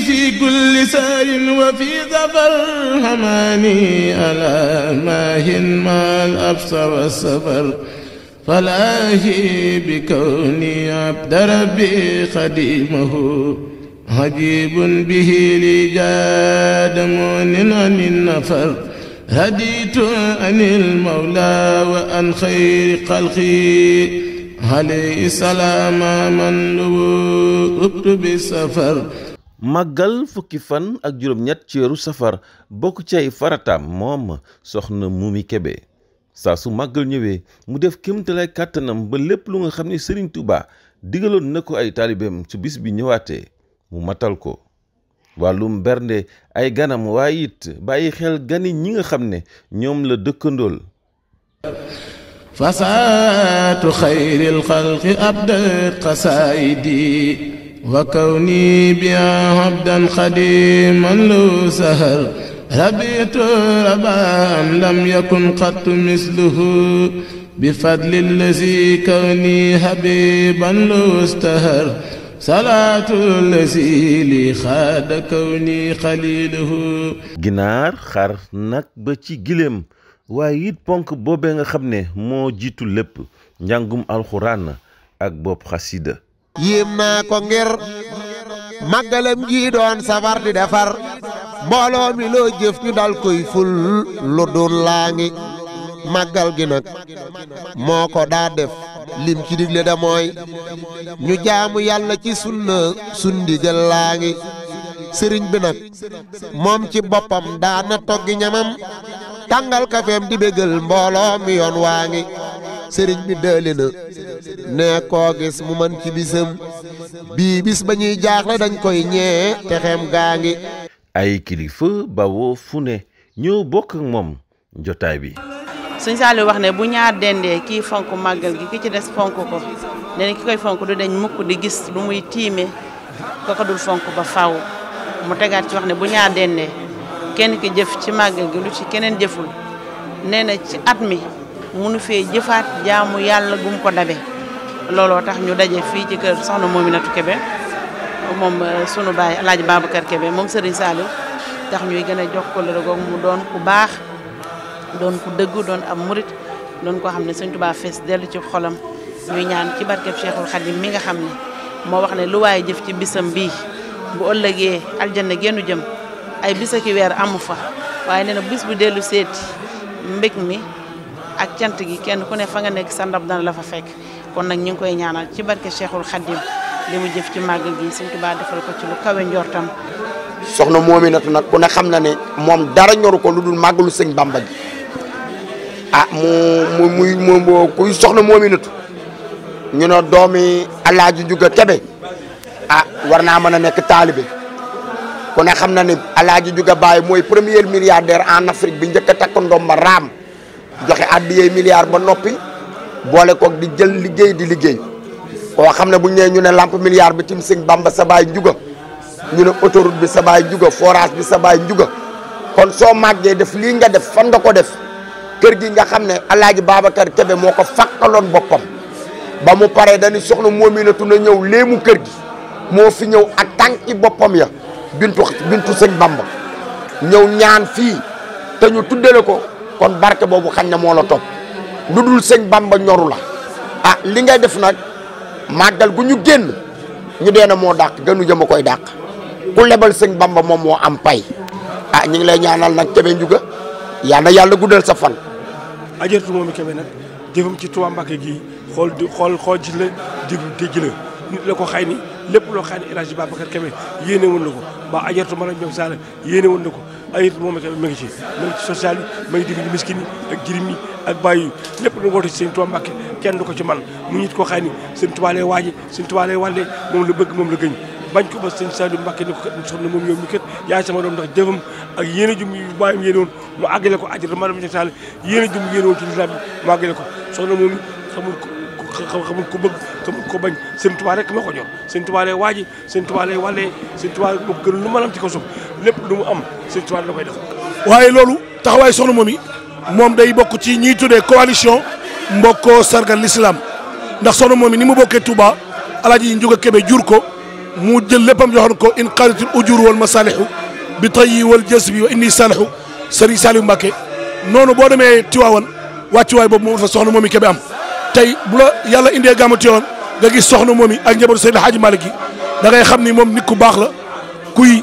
في كل سار وفي ظفر هماني ألا ماهن ما الأبصر والسفر فلاهي بكوني عبد ربي خديمه عجيب به لي جاد مؤن عن النفر هديت عن المولى وعن خير خلقي عليه السلام من لو بالسفر màggal fukki fan ak juróom-ñett ci safar bokk ci ay farataam moom soxna Moumy Kébé saa su màggal ñëwee mu def kéemtalaay kàttanam ba lépp lu nga xam ne Serigne Touba digaloon na ko ay taalibeem su bis bi ñëwaatee mu matal ko wàllum bernde ay ganam waaye it bàyyi xel gani ñi nga xam ne ñoom la dëkkandool fasaatu xayril xalqi abdat qasaayidi وكوني بيا عبدا خديما له سهر ربيت ربا لم يكن قط مثله بفضل الذي كوني حبيبا له استهر صلاة الذي لي خاد كوني خليله جنار خر نك بتي جلم وايد بونك بوبين خبنه مو جيتو لب نجم القرآن أكبر حسيده yéem naa ko ngir màggalam gi doon safar di defar mbooloo mi loo jëf ñu dal koy ful lu dul laa ngi màggal gi nag moo ko daa def lim ci digle da ñu jaamu yàlla ci sunna sun ndigal laa ngi sëriñ bi nag moom ci boppam daana toggi ñamam tàngal kafeem di bégal mbooloo mi yoon waa ngi sëriñ bi dëli na nee koo gis mu man ci bisam bii bis ba ñuy jaaxle dañ koy ñee texeem gaa ngi ay kilifa bawoo fu ne ñoo bokk moom jotaay bi suñ saali wax ne bu ñaar dendee kii fonk màggal gi ki ci des fonk ko ne ki koy fonk du deñ mukk di gis lu muy tiime ko ko dul fonk ba faw mu tegaat ci wax ne bu ñaar dendee kenn ki jëf ci màggal gi lu ci keneen jëful nee ci at mi munu fee jëfaat jaamu yàlla gum ko dabe looloo tax ñu daje fii ci kër soxna Mominatou Kébé moom euh, sunu baay El baabu kër Kébé moom Serigne Saliou tax ñuy gën a jox ko la mu doon ku baax doon ku dëgg doon am murit doon koo xam ne Sëñ Tuubaa fees dellu ci xolam ñuy ñaan ci barkeb Cheikhul Khadim mi nga xam ne moo wax ne lu waaye jëf ci bisam bi bu ëllëgee aljanna gennu jëm ay bis ak weer amu fa waaye nee bis bu dellu seeti mbég mi. ak cant gi kenn ku ne fa nga nekk sa ndab dana la fa fekk kon nag ñu ngi koy ñaanal ci barke Cheikhul Khadim li mu jëf ci màgg gi Sëñ Tuubaa defal ko ci lu kawe njortam. soxna Moominatu nag ku ne xam na ne moom dara ñoru ko lu dul màggalu lu Bamba gi a ah, mu muy mu kuy soxna Moominatu ñu ne doomi Alaaji Juga Kebe ah war naa mën a nekk taalibe ku ne xam na ne Alaaji Juga Baay mooy premier milliardaire en Afrique bi njëkk a takk ndomba raam. joxe àddiyey milliards ba noppi boole kook di jël liggéey di liggéey koo xam ne bu ñëwee ñu ne lampe milliard bi tim sing bamba sa baay njuga ñu ne autoroute bi sa baay njuga forage bi sa baay njuga kon soo màggee def lii nga def fan nga ko def kër gi nga xam ne alaaji Babacar Kebe moo ko fàqaloon boppam ba mu paree dañu soxna moominatu na ñëw léemu kër gi moo fi ñëw ak tànki boppam ya bintu bintu sëñ Bamba ñëw ñaan fii te ñu tuddale ko kon barke boobu xañ na moo la topp lu dul sëñ Bamba ñoru la ah li ngay def nag màggal gu ñu génn ñu dee na moo dàq gënu jëm a koy dàq ku lebal sëñ Bamba moom moo am pay ah ñu ngi lay ñaanal nag Kébé njuga yal na yàlla guddal sa fan. ajartu moom Kébé nag jëfam ci Touba gi gii xool di xool xool ji la di jila la nit ko xay ni lépp loo xay ni El Hadj Babacar Kébé yéene woon na ko ba ajartu ma la ñoom Sall yéene woon ko. ay it moom itam mi ngi ci mi ngi ci social yi mi ngi dimbali miskin yi ak jirim yi ak bàyyi yi lépp lu woote sëñ Tuubaa Mbàkke kenn du ko ci man mu nit koo xam ni sëñ Tuubaa lay waaji sëñ Tuubaa lay wàllee moom la bëgg moom la gëñ bañ ko ba sëñ Saliou Mbàkke ni ko kat soxna moom yow mi kat yaay sama doom ndax jëfam ak yéen a jum bàyyam yéene woon mu àggale ko ajjata maanaam ñe sall yéen a jum yéene woon ci lislaam bi mu àggale ko soxna moom xamul xamul ko bëgg xamul ko bañ sëñ Tuubaa rek ma ko ñor sëñ Tuubaa lay waaji sëñ Tuubaa lay wàllee sëñ Tuubaa moom gën lu maanaam ci ko suuf lépp lu mu am sëñ Tuubaa la koy def waaye loolu taxawaay soxna moom yi day bokk ci ñiy tuddee coalition mbokkoo sargal l'islam ndax soxna moom ni mu bokkee Touba alaaji Njuga Kebe jur ko mu jël léppam joxoon ko in qaadatil ujur wal masalihu bi tayyi wal jasbi wa inni salihu sëriñ Saliou Mbacke noonu boo demee Tiwaawan wàccuwaay boobu moom fa soxna moom Kebe am tey bu la yàlla indee gàmmu Tiwaawan nga gis soxna moom ak njabootu Seydi Hadji Malick da ngay xam ni nit ku baax la kuy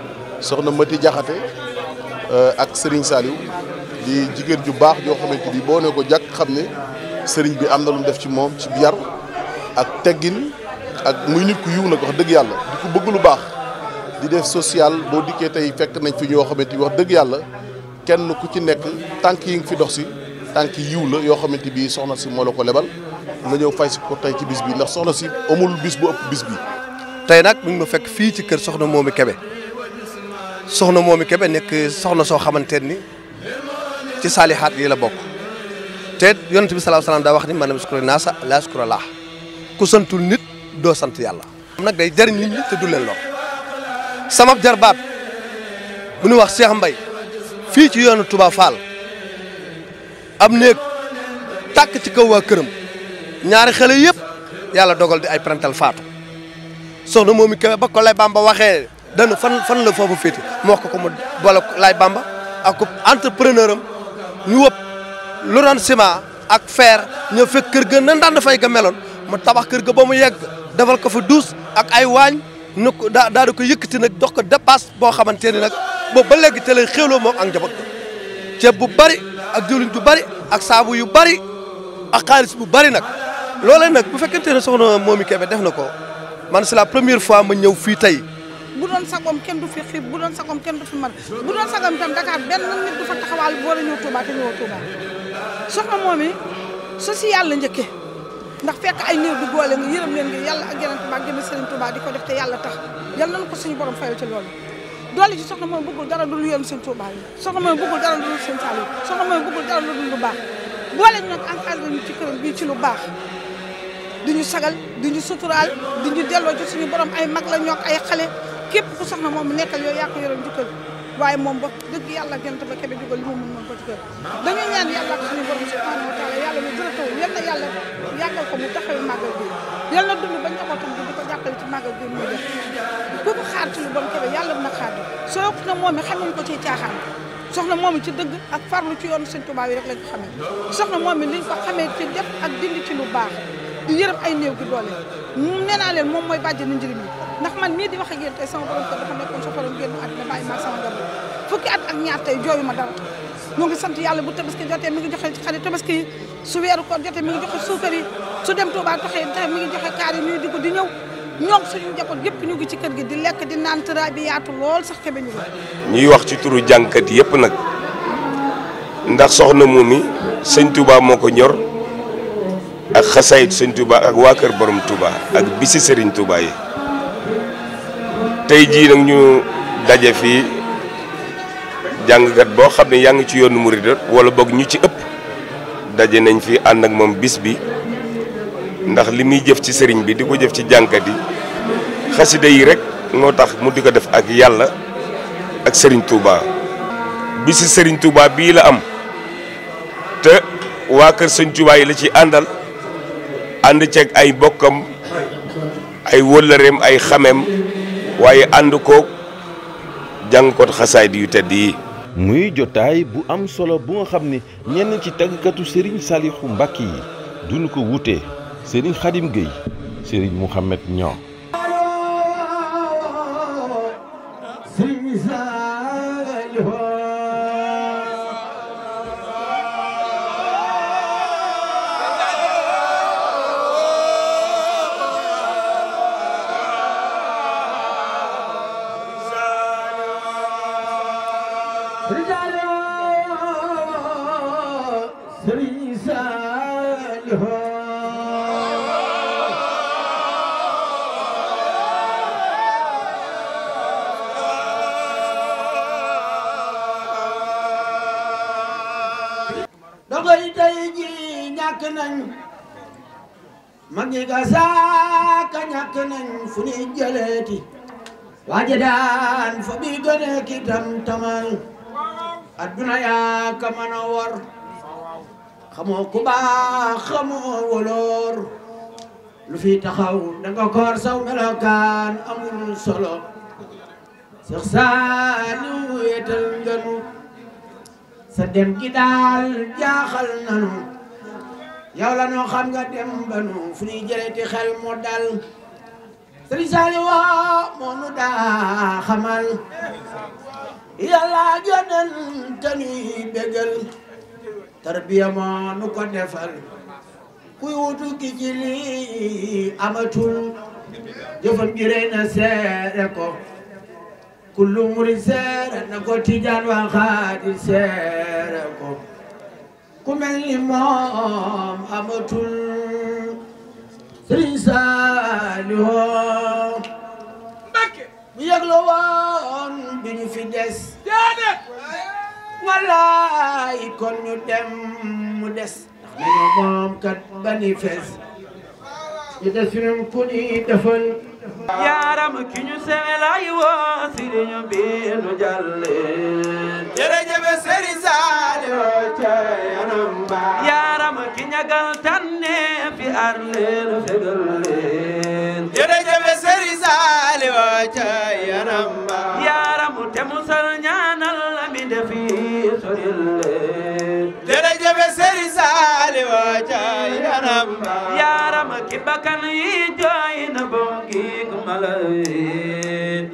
soxna Mati Jaxate euh, ak Serigne Saliou di jigéen ju baax joo xamante ni boo ne ko jàkk xam ne sëriñ bi am na lu mu def ci moom ci yar ak teggin ak muy nit ku yiw nag wax dëgg yàlla di ko bëgg lu baax di def social boo dikkee tey fekk nañ fi ñoo xamante ni wax dëgg yàlla kenn ku ci nekk tànk yi nga fi dox si tànk yiw la yoo xamante bii soxna si moo la ko lebal nga ñëw fay si ko tey ci bis bi ndax soxna si amul bis bu ëpp bis bi. tey nag mi ngi ma fekk fii ci kër soxna Momy Kébé soxna Momy Kébé nekk soxna soo xamante ni ci saalihaat yi la bokk te yonent bi sallallahu alayhi wasallam daa wax ni maanaam sukura naasa laa sukura laa ku santul nit doo sant yàlla. nag day jariñ nit ñi te du leen lor sama jarbaat bu ñu wax Cheikh Mbaye fii ci yoonu Touba Fall am néeg takk ci kaw waa këram ñaari xale yëpp yàlla dogal di ay parental faatu soxna Momy Kébé ba ko lay Bamba waxee. dana fan fan la foofu féete mu wax ko ko mu boole lay bàmba ak entrepreneur am ñu wëpp lu doon ciment ak feer ñoo fekk kër gën nan daan dafay ga meloon mu tabax kër ga ba mu yegg defal ko fa duus ak ay waañ nu ko daa daa di ko yëkkati nag dox ko dépasse boo xamante ni nag boo ba léegi te lay xéwloo moom ak njaboot ceeb bu bari ak diwlin bu bari ak saabu yu bari ak xaalis bu bari nag loolee nag bu fekkente ne soxna Momy kebe def na ko man c'est la première fois ma ñëw fii tey bu doon sagoom kenn du fi xiif bu doon sagoom kenn du fi mar bu doon sagoom itam Dakar benn nit du fa taxawaal boo la ñëw Touba te ñëwoo Touba soxna moom yi social njëkke ndax fekk ay néew di goole nga yërëm leen yàlla ak yeneen tubaab jëme Serigne Touba di ko def te yàlla tax yal nañu ko suñu borom fayal ci loolu doole ci moom bëggul dara dul yoon seen Touba yi soxna moom bëggul dara dul seen Saliou soxna moom bëggul dara dul lu baax boole ñu nag encadré ñu ci këram bii ci lu baax di ñu sagal di ñu suturaal di delloo ci suñu borom ay mag la ñook ay xale képp ku soxna moom mu nekkal yooyu yaa ko yoroon jukkal waaye moom ba dëgg yàlla jant ba kebe jugal li mu moom ba jukkal dañuy ñaan yàlla ak suñu borom subhanahu wa taala yàlla ñu dara taw yal na yàlla yàggal ko mu na ba njabootam bi di na xaar soo ko na moom xam nañu ko ci caaxaan soxna moom ci dëgg ak farlu ci yoonu sëñ Tuubaa yi rek lañ xamee soxna moom li ñu ko xamee ci def ak dindi ci lu baax di ay néew gi doole nee naa leen moom mooy bàjjenu njëriñ li ndax man mii di wax ak tey sama borom kër dafa nekkoon sa borom génn àddina bàyyi maa sama njaboot fukki at ak ñaar tey jooyu dara ñoo ngi sant yàlla bu tabaski jotee mi ngi joxe xari tabaski yi su weeru koor mi suukar yi su dem Tuubaa taxee mi ngi joxe kaar yi ñuy dugg di ñëw ñoom suñu njaboot yëpp ñu ngi ci kër gi di lekk di naan tëraay bi yaatu lool sax xebe ñu ñuy wax ci turu jànkat yëpp nag ndax soxna mu mi sëñ Tuubaa moo ko ñor ak xasaayit sëñ Touba ak waa kër borom Touba ak bisi sëriñ Touba yi tey jii nag ñu daje fii jàngkat boo xam ne yaa ngi ci yoonu murid wala boog ñu ci ëpp daje nañ fi ànd ak moom bis bi ndax li muy jëf ci sëriñ bi di ko jëf ci jàngkat yi xasida yi rek moo tax mu di ko def ak yàlla ak sëriñ Touba bisi sëriñ Touba bii la am te waa kër sëñ Touba yi la ci àndal ànd ceeg ay bokkam ay wëllëreem ay xameem waaye ànd ko jàngkoot di yu tedd yi muy jotaay bu am solo bu nga xam ni ñenn ci tàggkatu Serigne Salihou Mbacké yi duñu ko wutee Serigne Khadim Gueye sëriñ Mouhamed ñoom mag ñi ga saaka ñàkk nañ fu ñuy jëleeti waaje daan fa bi gëne ki tam tamal aduna yaa ka mën a ku ba xamo wolor lu fi taxaw nga kor saw melokan amul solo Seex Saaliw yetal nganu sa dem gi daal jaaxal nanu yaw la no xam nga dem banu fu jere ti xel mo dal Sëriñ Saaliw woo nu da xamal yàlla yonent ñuy bégal tarbiya moo nu ko defal ki ci amatul jëfam ji seere ko kullu muri seere na ko tijaan waa seere ko ku mel ni amatul sëriñ Saalihu Mbakke mu bi ñu fi des wallaay kon ñu dem mu des ndax dañoo moom kat bani fees ñu des suñu ku ñuy defal yaaram ki ñu seelay woo sëriñ bi nu jàlle jërëjëf sëriñ Saaliw ca yanam ba yaaram ki ñagal tànne fi yaram yaram ki bakkan yi jooy na bongi ku mala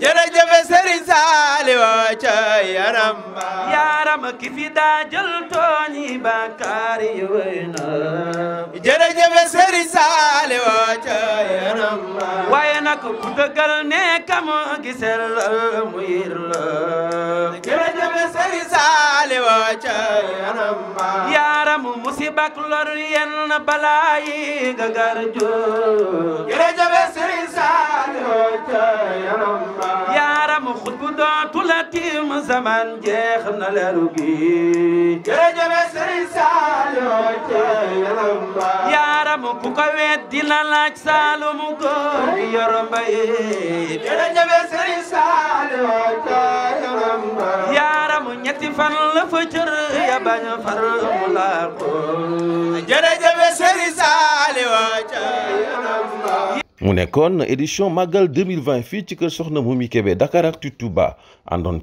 jërëjëf Serigne Saliou ca yaram ba yaram ki fi daa jël tooñi bàkkaar yi wéy na jërëjëf Serigne Saliou ca yaram ba waaye mu yir la lor yenn balaa yi nga gar yaaram xutbu dootu la tiim zaman jeex na leeru gi jërëjëf Serigne Saliou ca yaram ba yaaram ku ko weddi la laaj Saloum góor gi yor mbay jërëjëf Serigne Saliou ca yaram ba yaaram ñetti fan la fa cër ya far mu laa mu édition Magal 2020 fit ci kër Soxna Tutuba, andon